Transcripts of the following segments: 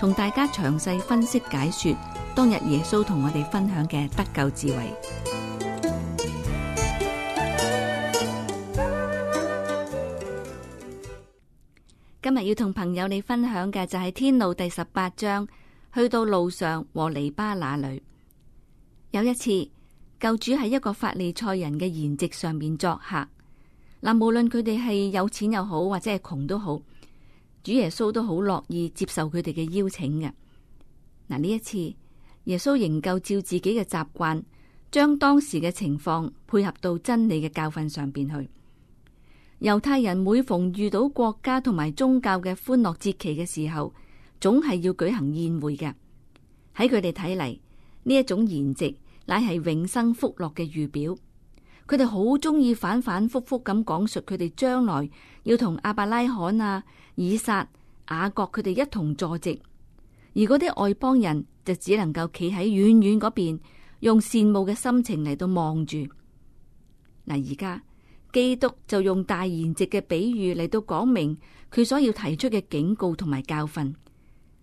同大家詳細分析解說當日耶穌同我哋分享嘅得救智慧。今日要同朋友你分享嘅就係天路第十八章，去到路上和尼巴那裏，有一次，救主喺一個法利賽人嘅筵席上面作客，嗱，無論佢哋係有錢又好，或者係窮都好。主耶穌都好樂意接受佢哋嘅邀請嘅。嗱，呢一次耶穌仍舊照自己嘅習慣，將當時嘅情況配合到真理嘅教訓上邊去。猶太人每逢遇到國家同埋宗教嘅歡樂節期嘅時候，總係要舉行宴會嘅。喺佢哋睇嚟，呢一種筵席，乃係永生福樂嘅預表。佢哋好中意反反复复咁講述佢哋將來要同阿伯拉罕啊、以撒、雅各，佢哋一同坐席，而嗰啲外邦人就只能夠企喺遠遠嗰邊，用羨慕嘅心情嚟到望住。嗱，而家基督就用大筵席嘅比喻嚟到講明佢所要提出嘅警告同埋教訓。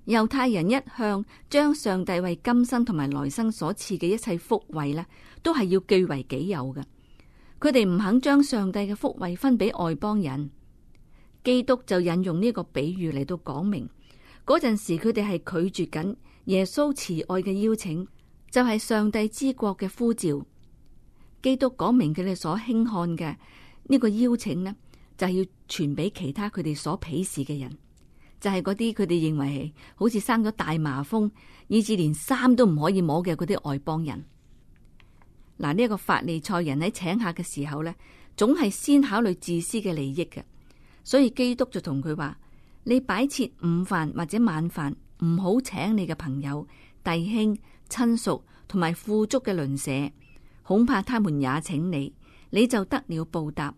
猶太人一向將上帝為今生同埋來生所賜嘅一切福惠呢，都係要據為己有嘅。佢哋唔肯將上帝嘅福惠分俾外邦人，基督就引用呢個比喻嚟到講明，嗰陣時佢哋係拒絕緊耶穌慈愛嘅邀請，就係上帝之國嘅呼召。基督講明佢哋所輕看嘅呢個邀請呢，就係要傳俾其他佢哋所鄙視嘅人，就係嗰啲佢哋認為是好似生咗大麻風，以至連衫都唔可以摸嘅嗰啲外邦人。嗱，呢一個法利賽人喺請客嘅時候呢，總係先考慮自私嘅利益嘅，所以基督就同佢話：你擺設午飯或者晚飯，唔好請你嘅朋友、弟兄、親屬同埋富足嘅鄰舍，恐怕他們也請你，你就得了報答；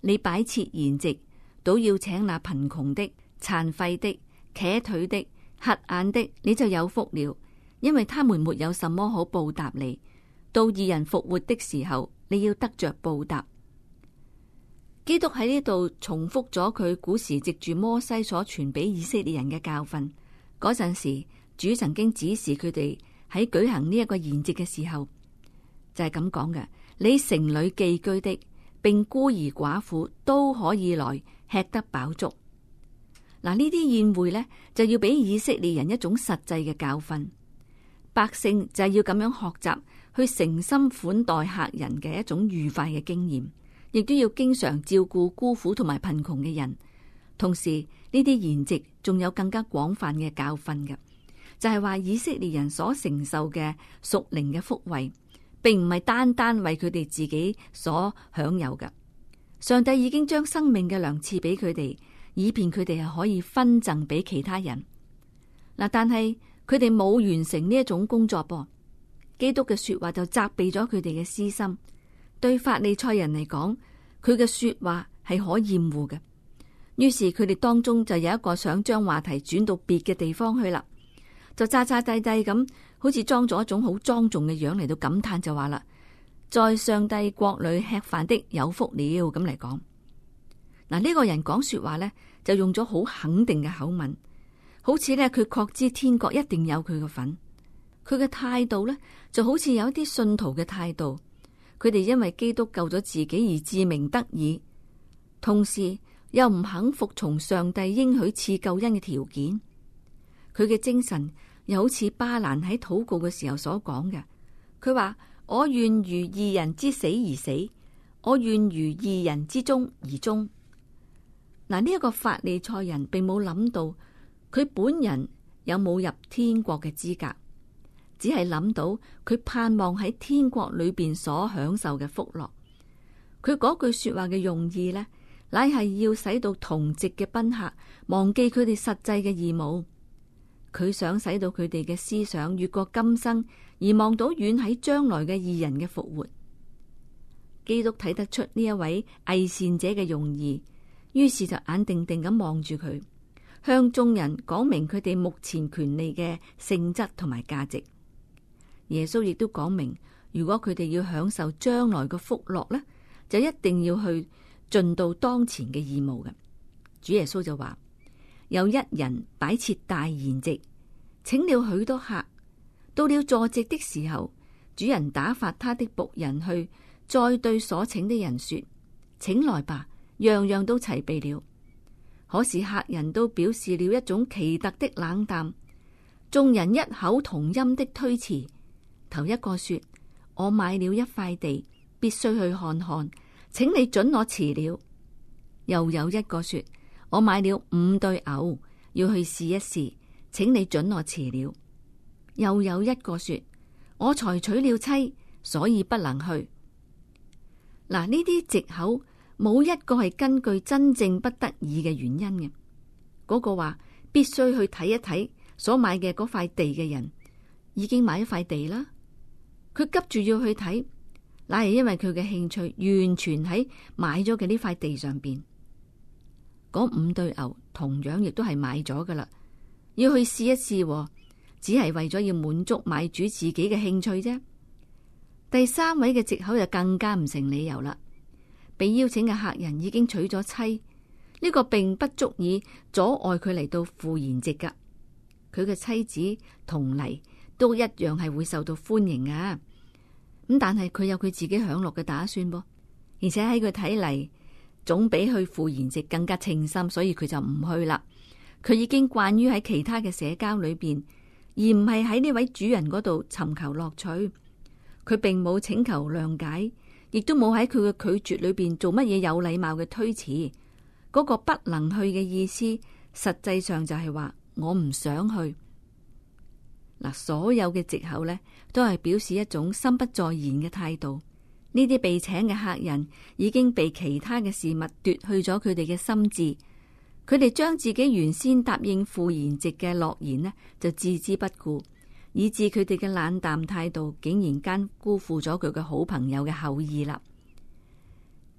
你擺設筵席，都要請那貧窮的、殘廢的、瘸腿的、瞎眼的，你就有福了，因為他們沒有什麼好報答你。到二人復活的時候，你要得着報答。基督喺呢度重複咗佢古時藉住摩西所傳俾以色列人嘅教訓。嗰陣時，主曾經指示佢哋喺舉行呢一個筵席嘅時候，就係咁講嘅：你城裏寄居的，並孤兒寡婦都可以來吃得飽足。嗱，呢啲宴會呢，就要俾以色列人一種實際嘅教訓，百姓就係要咁樣學習。佢誠心款待客人嘅一種愉快嘅經驗，亦都要經常照顧孤苦同埋貧窮嘅人。同時呢啲筵席仲有更加廣泛嘅教訓嘅，就係話以色列人所承受嘅屬靈嘅福惠，並唔係單單為佢哋自己所享有嘅。上帝已經將生命嘅糧賜俾佢哋，以便佢哋係可以分贈俾其他人。嗱，但係佢哋冇完成呢一種工作噃。基督嘅說話就責備咗佢哋嘅私心，對法利賽人嚟講，佢嘅說話係可厭惡嘅。於是佢哋當中就有一個想將話題轉到別嘅地方去啦，就詐詐諦諦咁，好似裝咗一種好莊重嘅樣嚟到感嘆就話啦：在上帝國裏吃飯的有福了這樣。咁嚟講，嗱呢個人講說話呢，就用咗好肯定嘅口吻，好似呢，佢確知天國一定有佢嘅份。佢嘅態度咧，就好似有一啲信徒嘅態度，佢哋因為基督救咗自己而自鳴得意，同時又唔肯服從上帝應許賜救恩嘅條件。佢嘅精神又好似巴蘭喺禱告嘅時候所講嘅，佢話：我願如義人之死而死，我願如義人之終而終。嗱，呢一個法利賽人並冇諗到佢本人有冇入天國嘅資格。只係諗到佢盼望喺天國裏邊所享受嘅福樂，佢嗰句說話嘅用意呢，乃係要使到同席嘅賓客忘記佢哋實際嘅義務。佢想使到佢哋嘅思想越過今生，而望到遠喺將來嘅義人嘅復活。基督睇得出呢一位偽善者嘅用意，於是就眼定定咁望住佢，向眾人講明佢哋目前權利嘅性質同埋價值。耶穌亦都講明，如果佢哋要享受將來嘅福樂呢，就一定要去盡到當前嘅義務嘅。主耶穌就話：有一人擺設大筵席，請了許多客。到了坐席的時候，主人打發他的僕人去，再對所請的人說：請來吧，樣樣都齊備了。可是客人都表示了一種奇特的冷淡，眾人一口同音的推辭。頭一個說：我買了一塊地，必須去看看，請你準我辭了。又有一個說：我買了五對牛，要去試一試，請你準我辭了。又有一個說：我才娶了妻，所以不能去。嗱，呢啲借口冇一個係根據真正不得已嘅原因嘅。嗰、那個話必須去睇一睇所買嘅嗰塊地嘅人，已經買一塊地啦。佢急住要去睇，乃係因為佢嘅興趣完全喺買咗嘅呢塊地上邊。嗰五對牛同樣亦都係買咗噶啦，要去試一試，只係為咗要滿足買主自己嘅興趣啫。第三位嘅借口就更加唔成理由啦。被邀請嘅客人已經娶咗妻，呢、這個並不足以阻礙佢嚟到赴宴席噶。佢嘅妻子同嚟都一樣係會受到歡迎啊！咁但係佢有佢自己享樂嘅打算噃，而且喺佢睇嚟，總比去赴筵席，更加稱心，所以佢就唔去啦。佢已經慣於喺其他嘅社交裏邊，而唔係喺呢位主人嗰度尋求樂趣。佢並冇請求諒解，亦都冇喺佢嘅拒絕裏邊做乜嘢有禮貌嘅推辭。嗰個不能去嘅意思，實際上就係話我唔想去。嗱，所有嘅藉口呢，都係表示一種心不在焉嘅態度。呢啲被請嘅客人已經被其他嘅事物奪去咗佢哋嘅心智，佢哋將自己原先答應赴筵席嘅諾言呢，就置之不顧，以致佢哋嘅冷淡態度，竟然間辜負咗佢嘅好朋友嘅厚意啦。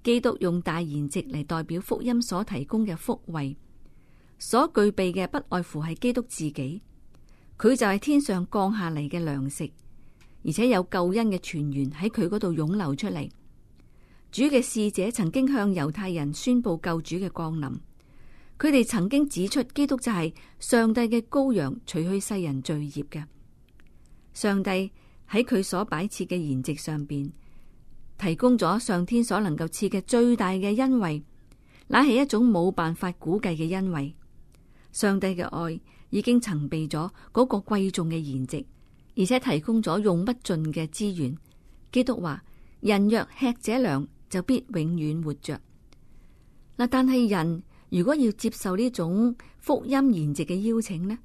基督用大筵席嚟代表福音所提供嘅福惠，所具備嘅不外乎係基督自己。佢就係天上降下嚟嘅糧食，而且有救恩嘅泉源喺佢嗰度湧流出嚟。主嘅使者曾經向猶太人宣布救主嘅降臨，佢哋曾經指出基督就係上帝嘅羔羊，除去世人罪孽嘅。上帝喺佢所擺設嘅筵席上邊，提供咗上天所能夠賜嘅最大嘅恩惠，乃係一種冇辦法估計嘅恩惠，上帝嘅愛。已經曾備咗嗰個貴重嘅筵席，而且提供咗用不盡嘅資源。基督話：人若吃這糧，就必永遠活着。嗱，但係人如果要接受呢種福音筵席嘅邀請呢，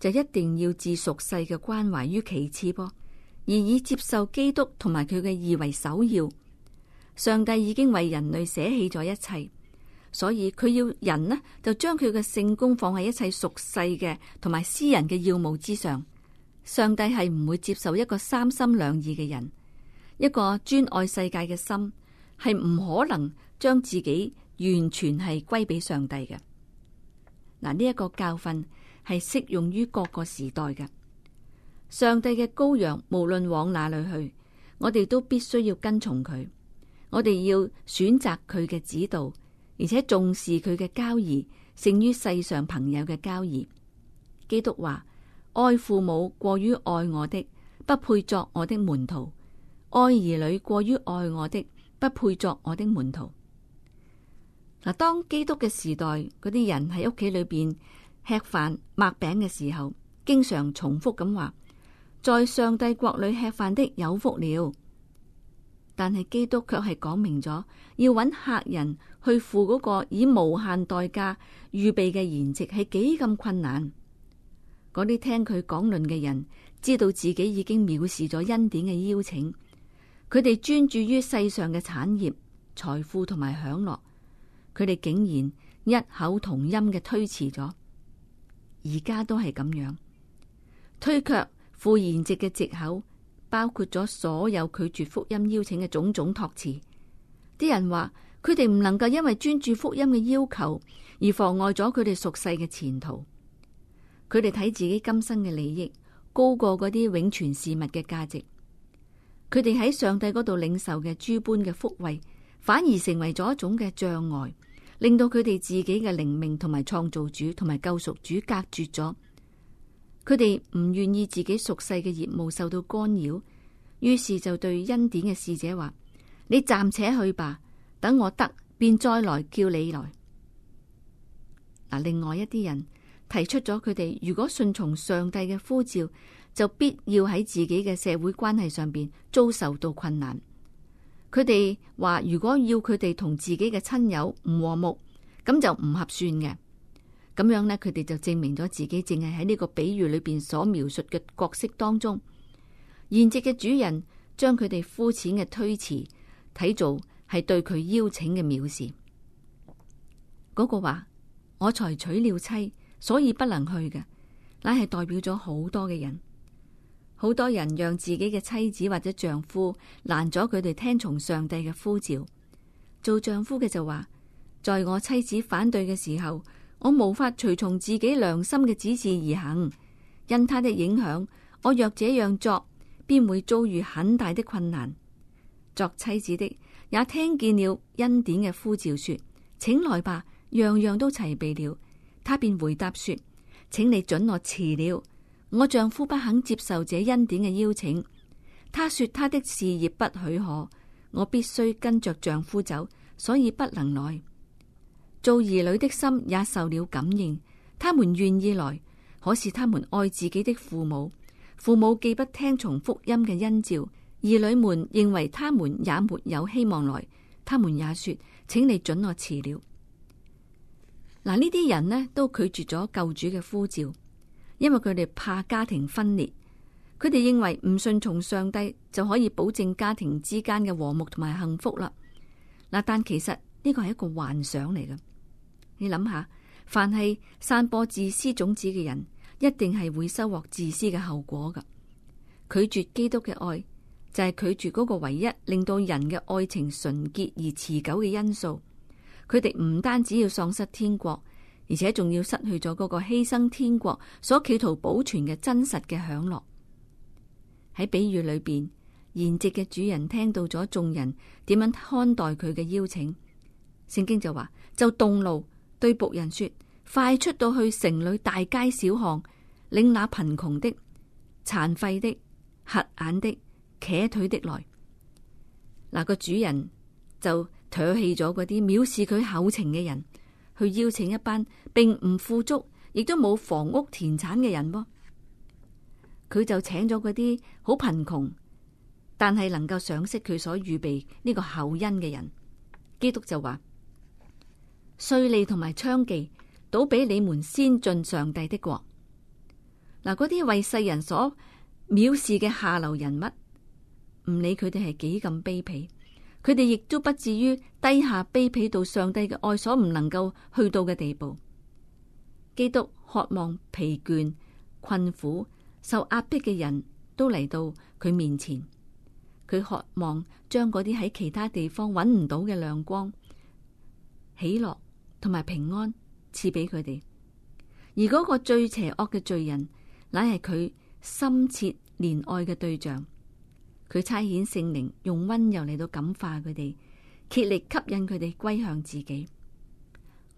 就一定要置俗世嘅關懷於其次噃，而以接受基督同埋佢嘅義為首要。上帝已經為人類捨棄咗一切。所以佢要人呢，就將佢嘅聖工放喺一切俗世嘅同埋私人嘅要務之上。上帝係唔會接受一個三心兩意嘅人，一個專愛世界嘅心係唔可能將自己完全係歸俾上帝嘅。嗱，呢一個教訓係適用於各個時代嘅。上帝嘅羔羊無論往哪裡去，我哋都必須要跟從佢，我哋要選擇佢嘅指導。而且重視佢嘅交易勝於世上朋友嘅交易。基督話：愛父母過於愛我的，不配作我的門徒；愛兒女過於愛我的，不配作我的門徒。嗱，當基督嘅時代，嗰啲人喺屋企裏邊吃飯擘餅嘅時候，經常重複咁話：在上帝國裏吃飯的有福了。但係基督卻係講明咗，要揾客人去赴嗰個以無限代價預備嘅筵席係幾咁困難。嗰啲聽佢講論嘅人，知道自己已經藐視咗恩典嘅邀請，佢哋專注於世上嘅產業、財富同埋享樂，佢哋竟然一口同音嘅推辭咗。而家都係咁樣，推卻赴筵席嘅借口。包括咗所有拒絕福音邀請嘅種種託辭，啲人話佢哋唔能夠因為專注福音嘅要求而妨礙咗佢哋屬世嘅前途。佢哋睇自己今生嘅利益高過嗰啲永存事物嘅價值，佢哋喺上帝嗰度領受嘅諸般嘅福惠，反而成為咗一種嘅障礙，令到佢哋自己嘅靈命同埋創造主同埋救贖主隔絕咗。佢哋唔願意自己熟悉嘅業務受到干擾，於是就對恩典嘅使者話：你暫且去吧，等我得，便再來叫你來。嗱，另外一啲人提出咗佢哋如果順從上帝嘅呼召，就必要喺自己嘅社會關係上邊遭受到困難。佢哋話：如果要佢哋同自己嘅親友唔和睦，咁就唔合算嘅。咁樣呢，佢哋就證明咗自己，正係喺呢個比喻裏邊所描述嘅角色當中。筵席嘅主人將佢哋膚淺嘅推辭睇做係對佢邀請嘅藐視。嗰、那個話我才娶了妻，所以不能去嘅，乃係代表咗好多嘅人。好多人讓自己嘅妻子或者丈夫攔阻佢哋聽從上帝嘅呼召。做丈夫嘅就話，在我妻子反對嘅時候。我無法隨從自己良心嘅指示而行，因他的影響，我若這樣作，便會遭遇很大的困難。作妻子的也聽見了恩典嘅呼召，說：請來吧，樣樣都齊備了。他便回答說：請你准我辭了，我丈夫不肯接受這恩典嘅邀請。他說：他的事業不許可，我必須跟着丈夫走，所以不能來。做兒女的心也受了感應，他們願意來，可是他們愛自己的父母，父母既不聽從福音嘅恩召，兒女們認為他們也沒有希望來，他們也說，請你准我辭了。嗱，呢啲人呢都拒絕咗救主嘅呼召，因為佢哋怕家庭分裂，佢哋認為唔順從上帝就可以保證家庭之間嘅和睦同埋幸福啦。嗱，但其實呢個係一個幻想嚟嘅。你諗下，凡係散播自私種子嘅人，一定係會收穫自私嘅後果㗎。拒絕基督嘅愛，就係、是、拒絕嗰個唯一令到人嘅愛情純潔而持久嘅因素。佢哋唔單止要喪失天國，而且仲要失去咗嗰個犧牲天國所企圖保存嘅真實嘅享樂。喺比喻裏邊，筵席嘅主人聽到咗眾人點樣看待佢嘅邀請，聖經就話就動怒。對僕人說：快出到去城裏大街小巷，領那貧窮的、殘廢的、瞎眼的、瘸腿的來。嗱、那個主人就唾棄咗嗰啲藐視佢厚情嘅人，去邀請一班並唔富足，亦都冇房屋田產嘅人噃。佢就請咗嗰啲好貧窮，但係能夠賞識佢所預備呢個厚恩嘅人。基督就話。稅吏同埋娼妓倒俾你們先進上帝的國。嗱，嗰啲為世人所藐視嘅下流人物，唔理佢哋係幾咁卑鄙，佢哋亦都不至於低下卑鄙到上帝嘅愛所唔能夠去到嘅地步。基督渴望疲倦、困苦、受壓迫嘅人都嚟到佢面前，佢渴望將嗰啲喺其他地方揾唔到嘅亮光、喜樂。同埋平安賜俾佢哋，而嗰個最邪惡嘅罪人，乃係佢深切憐愛嘅對象。佢差遣聖靈用溫柔嚟到感化佢哋，竭力吸引佢哋歸向自己。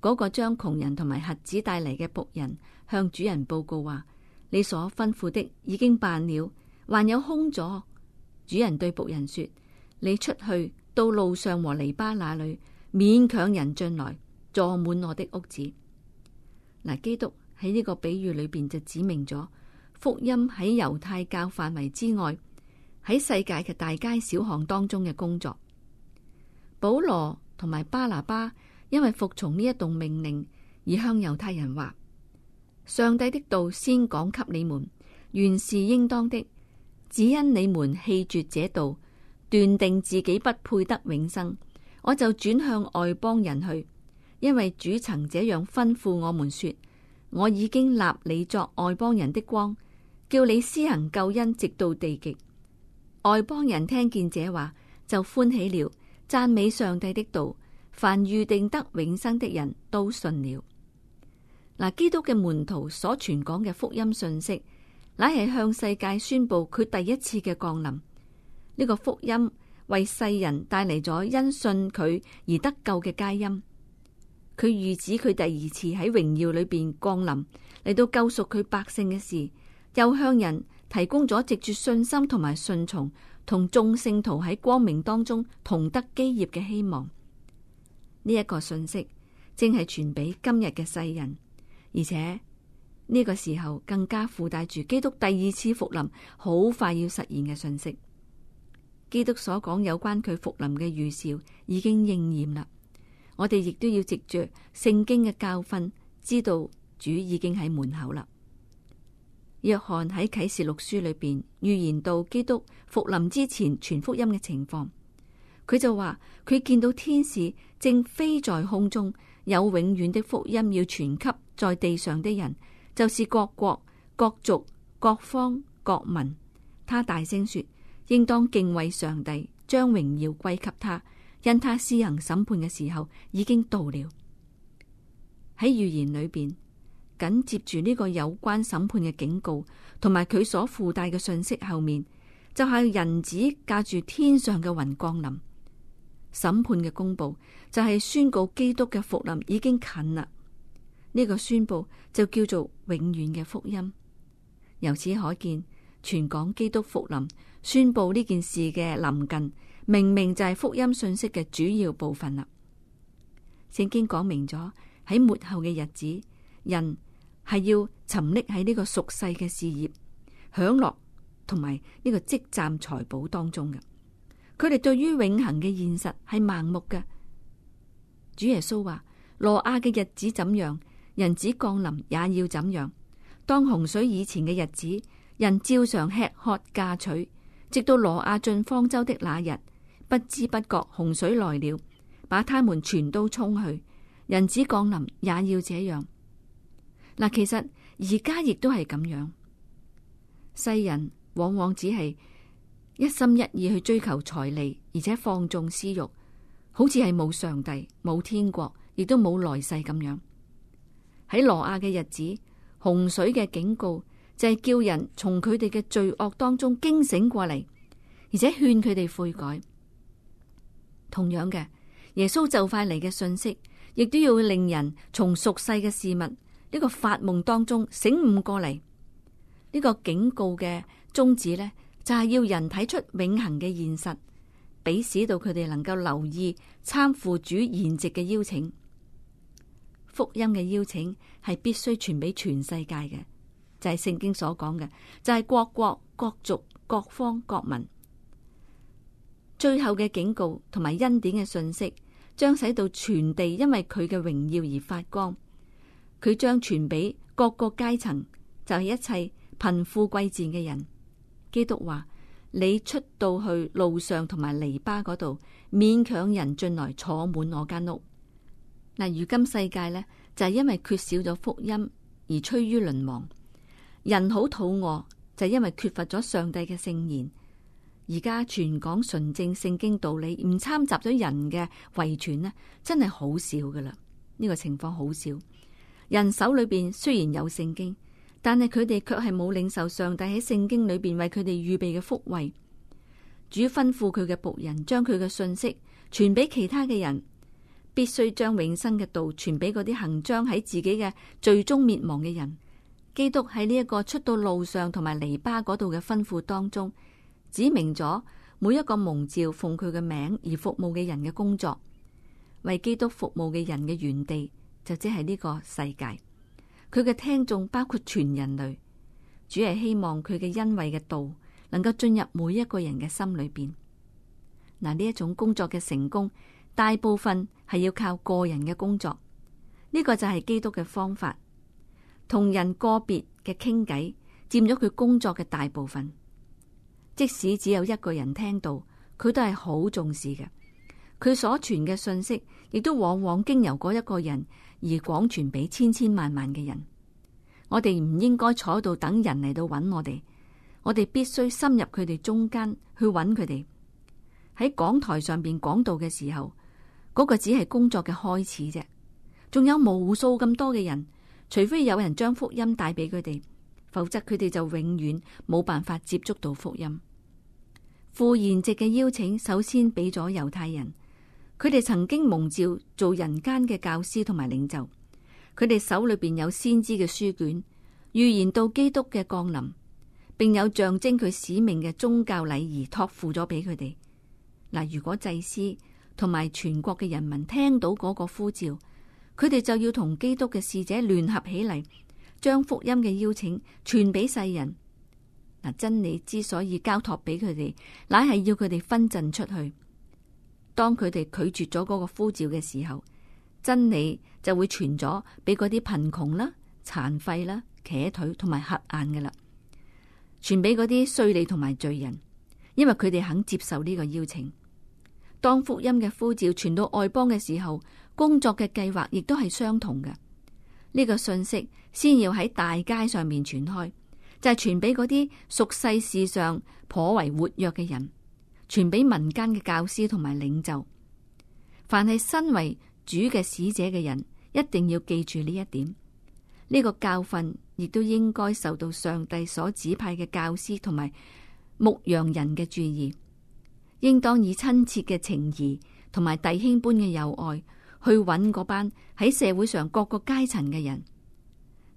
嗰、那個將窮人同埋核子帶嚟嘅僕人向主人報告話：，你所吩咐的已經辦了，還有空咗。主人對僕人說：，你出去到路上和籬笆那裏，勉強人進來。坐滿我的屋子嗱，基督喺呢個比喻裏邊就指明咗福音喺猶太教範圍之外，喺世界嘅大街小巷當中嘅工作。保羅同埋巴拿巴因為服從呢一道命令，而向猶太人話：上帝的道先講給你們，原是應當的；只因你們棄絕這道，斷定自己不配得永生，我就轉向外邦人去。因為主曾這樣吩咐我們說：我已經立你作外邦人的光，叫你施行救恩，直到地極。外邦人聽見這話就歡喜了，讚美上帝的道。凡預定得永生的人都信了。基督嘅門徒所傳講嘅福音信息，乃係向世界宣布佢第一次嘅降臨。呢個福音為世人帶嚟咗因信佢而得救嘅佳音。佢預指佢第二次喺榮耀裏邊降臨，嚟到救贖佢百姓嘅事，又向人提供咗藉住信心同埋信從，同眾聖徒喺光明當中同得基業嘅希望。呢、這、一個訊息正係傳俾今日嘅世人，而且呢、這個時候更加附帶住基督第二次復臨好快要實現嘅訊息。基督所講有關佢復臨嘅預兆已經應驗啦。我哋亦都要藉著聖經嘅教訓，知道主已經喺門口啦。約翰喺啟示錄書裏邊預言到基督復臨之前傳福音嘅情況，佢就話佢見到天使正飛在空中，有永遠的福音要傳給在地上的人，就是各國、各族、各方、各民。他大聲說：應當敬畏上帝，將榮耀歸給他。因他施行審判嘅時候已經到了，喺預言裏邊緊接住呢個有關審判嘅警告，同埋佢所附帶嘅信息後面，就係、是、人子駕住天上嘅雲降臨，審判嘅公布就係、是、宣告基督嘅復臨已經近啦。呢、這個宣布就叫做永遠嘅福音。由此可見，全港基督復臨宣布呢件事嘅臨近。明明就係福音信息嘅主要部分啦。聖經講明咗，喺末後嘅日子，人係要沉溺喺呢個俗世嘅事業、享樂同埋呢個積攢財寶當中嘅。佢哋對於永恒嘅現實係盲目嘅。主耶穌話：羅亞嘅日子怎樣，人子降臨也要怎樣。當洪水以前嘅日子，人照常吃喝嫁娶，直到羅亞進方舟的那日。不知不覺洪水來了，把他們全都衝去。人子降臨也要這樣。嗱，其實而家亦都係咁樣，世人往往只係一心一意去追求財利，而且放縱私欲，好似係冇上帝、冇天國，亦都冇來世咁樣。喺羅亞嘅日子，洪水嘅警告就係叫人從佢哋嘅罪惡當中驚醒過嚟，而且勸佢哋悔改。同樣嘅，耶穌就快嚟嘅訊息，亦都要令人從俗世嘅事物呢、這個發夢當中醒悟過嚟。呢、這個警告嘅宗旨呢，就係、是、要人睇出永恆嘅現實，俾使到佢哋能夠留意參赴主筵席嘅邀請。福音嘅邀請係必須傳俾全世界嘅，就係、是、聖經所講嘅，就係、是、各國各族各方各民。最後嘅警告同埋恩典嘅信息，將使到全地因為佢嘅榮耀而發光。佢將傳俾各個階層，就係一切貧富貴賤嘅人。基督話：你出到去路上同埋籬笆嗰度，勉強人進來坐滿我間屋。嗱，如今世界呢，就係因為缺少咗福音而趨於淪亡。人好肚餓，就因為缺乏咗上帝嘅聖言。而家全港純正聖經道理唔摻雜咗人嘅遺傳咧，真係好少噶啦。呢個情況好少。人手裏邊雖然有聖經，但係佢哋卻係冇領受上帝喺聖經裏邊為佢哋預備嘅福惠。主吩咐佢嘅僕人將佢嘅信息傳俾其他嘅人，必須將永生嘅道傳俾嗰啲行將喺自己嘅最終滅亡嘅人。基督喺呢一個出到路上同埋尼巴嗰度嘅吩咐當中，指明咗每一個蒙召奉佢嘅名而服務嘅人嘅工作，為基督服務嘅人嘅園地就即係呢個世界。佢嘅聽眾包括全人類。主係希望佢嘅恩惠嘅道能夠進入每一個人嘅心裏邊。嗱，呢一種工作嘅成功，大部分係要靠個人嘅工作。呢、這個就係基督嘅方法，同人個別嘅傾偈佔咗佢工作嘅大部分。即使只有一個人聽到，佢都係好重視嘅。佢所傳嘅信息，亦都往往經由嗰一個人而廣傳俾千千萬萬嘅人。我哋唔應該坐喺度等人嚟到揾我哋，我哋必須深入佢哋中間去揾佢哋。喺講台上邊講道嘅時候，嗰、嗰個只係工作嘅開始啫，仲有無數咁多嘅人，除非有人將福音帶俾佢哋。否則佢哋就永遠冇辦法接觸到福音。赴筵席嘅邀請首先俾咗猶太人，佢哋曾經蒙召做人間嘅教師同埋領袖，佢哋手裏邊有先知嘅書卷，預言到基督嘅降臨，並有象徵佢使命嘅宗教禮儀託付咗俾佢哋。嗱，如果祭司同埋全國嘅人民聽到嗰個呼召，佢哋就要同基督嘅使者聯合起嚟。將福音嘅邀請傳俾世人。嗱，真理之所以交託俾佢哋，乃係要佢哋分贈出去。當佢哋拒絕咗嗰個呼召嘅時候，真理就會傳咗俾嗰啲貧窮啦、殘廢啦、瘸腿同埋瞎眼嘅啦，傳俾嗰啲衰劣同埋罪人，因為佢哋肯接受呢個邀請。當福音嘅呼召傳到外邦嘅時候，工作嘅計劃亦都係相同嘅。呢、這個信息，先要喺大街上面傳開，就係、是、傳俾嗰啲屬世事上頗為活躍嘅人，傳俾民間嘅教師同埋領袖。凡係身為主嘅使者嘅人，一定要記住呢一點。呢、這個教訓亦都應該受到上帝所指派嘅教師同埋牧羊人嘅注意，應當以親切嘅情誼同埋弟兄般嘅友愛，去揾嗰班喺社會上各個階層嘅人，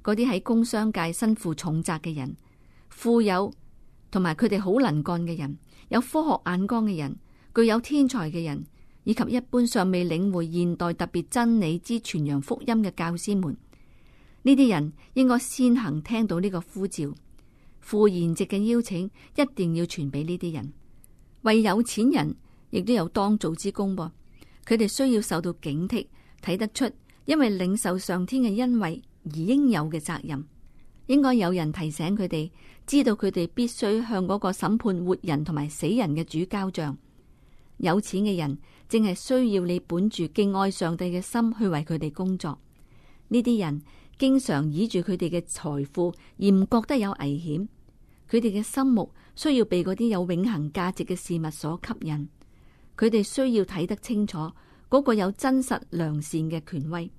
嗰啲喺工商界身負重責嘅人，富有同埋佢哋好能幹嘅人，有科學眼光嘅人，具有天才嘅人，以及一般尚未領會現代特別真理之傳揚福音嘅教師們，呢啲人應該先行聽到呢個呼召，傅言直嘅邀請一定要傳俾呢啲人。為有錢人亦都有當造之功噃。佢哋需要受到警惕，睇得出，因為領受上天嘅恩惠而應有嘅責任，應該有人提醒佢哋，知道佢哋必須向嗰個審判活人同埋死人嘅主交賬。有錢嘅人正係需要你本住敬愛上帝嘅心去為佢哋工作。呢啲人經常倚住佢哋嘅財富而唔覺得有危險，佢哋嘅心目需要被嗰啲有永恒價值嘅事物所吸引。佢哋需要睇得清楚嗰個有真實良善嘅權威。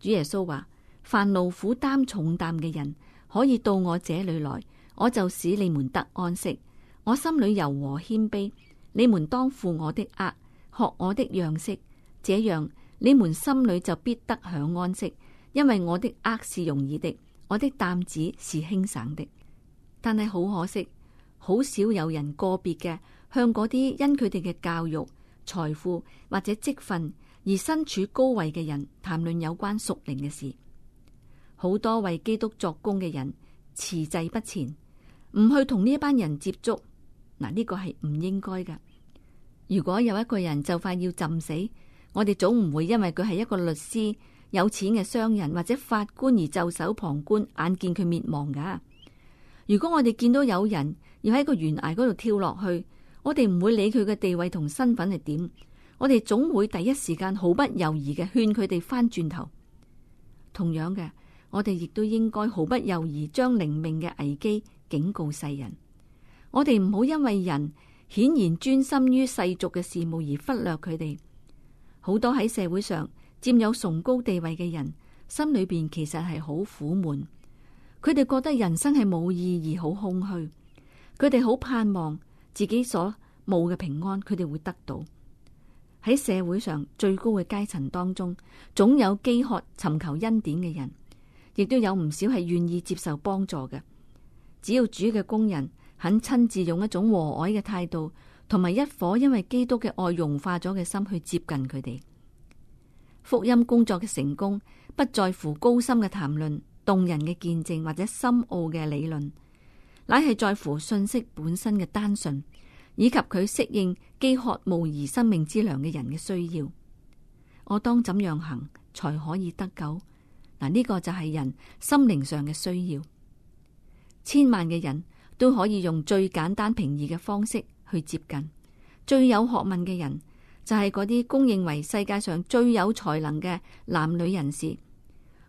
主耶穌話：凡勞苦擔重擔嘅人，可以到我這裏來，我就使你們得安息。我心裏柔和謙卑，你們當負我的軛，學我的樣式，這樣你們心裏就必得享安息，因為我的軛是容易的，我的擔子是輕省的。但係好可惜，好少有人個別嘅。向嗰啲因佢哋嘅教育、財富或者積分而身處高位嘅人談論有關屬靈嘅事，好多為基督作工嘅人遲滯不前，唔去同呢一班人接觸。嗱，呢個係唔應該嘅。如果有一個人就快要浸死，我哋總唔會因為佢係一個律師、有錢嘅商人或者法官而袖手旁觀，眼見佢滅亡噶。如果我哋見到有人要喺個懸崖嗰度跳落去，我哋唔會理佢嘅地位同身份係點，我哋總會第一時間毫不猶豫嘅勸佢哋翻轉頭。同樣嘅，我哋亦都應該毫不猶豫將靈命嘅危機警告世人。我哋唔好因為人顯然專心於世俗嘅事務而忽略佢哋。好多喺社會上佔有崇高地位嘅人，心裏邊其實係好苦悶，佢哋覺得人生係冇意義，好空虛，佢哋好盼望，自己所冇嘅平安，佢哋會得到。喺社會上最高嘅階層當中，總有飢渴尋求恩典嘅人，亦都有唔少係願意接受幫助嘅。只要主嘅工人肯親自用一種和藹嘅態度，同埋一顆因為基督嘅愛融化咗嘅心去接近佢哋。福音工作嘅成功，不在乎高深嘅談論、動人嘅見證或者深奧嘅理論。乃係在乎信息本身嘅單純，以及佢適應飢渴慕義生命之糧嘅人嘅需要。我當怎麼樣行才可以得救？嗱、這、呢個就係人心靈上嘅需要。千萬嘅人都可以用最簡單平易嘅方式去接近。最有學問嘅人，就係嗰啲公認為世界上最有才能嘅男女人士，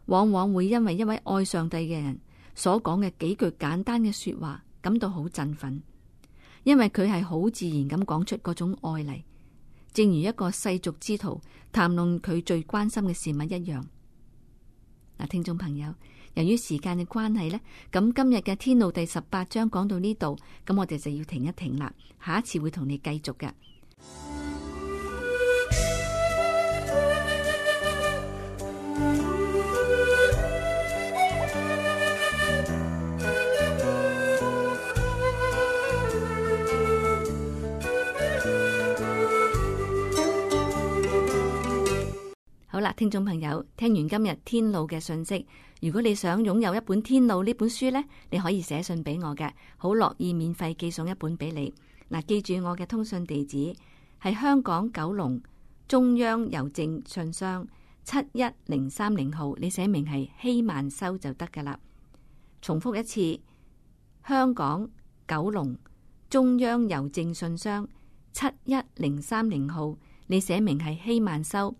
往往會因為一位愛上帝嘅人。所講嘅幾句簡單嘅說話，感到好振奮，因為佢係好自然咁講出嗰種愛嚟，正如一個世俗之徒談論佢最關心嘅事物一樣。嗱，聽眾朋友，由於時間嘅關係呢，咁今日嘅天路第十八章講到呢度，咁我哋就要停一停啦，下一次會同你繼續嘅。聽眾朋友，聽完今日天路嘅信息，如果你想擁有一本天路呢本書呢，你可以寫信俾我嘅，好樂意免費寄送一本俾你。嗱，記住我嘅通訊地址係香港九龍中央郵政信箱七一零三零號，你寫明係希曼修就得噶啦。重複一次，香港九龍中央郵政信箱七一零三零號，你寫明係希曼修。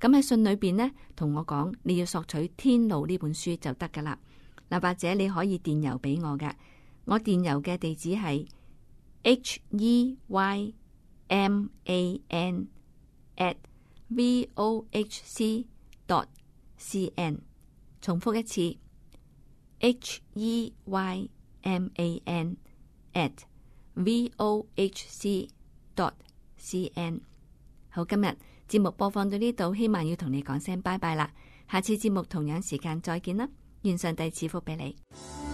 咁喺信裏邊呢，同我講你要索取《天路》呢本書就得噶啦，嗱，或者你可以電郵俾我嘅，我電郵嘅地址係 h e y m a n at v o h c dot c n，重複一次 h e y m a n at v o h c dot c n，好，今日。節目播放到呢度，希望要同你講聲拜拜啦。下次節目同樣時間再見啦。願上帝賜福俾你。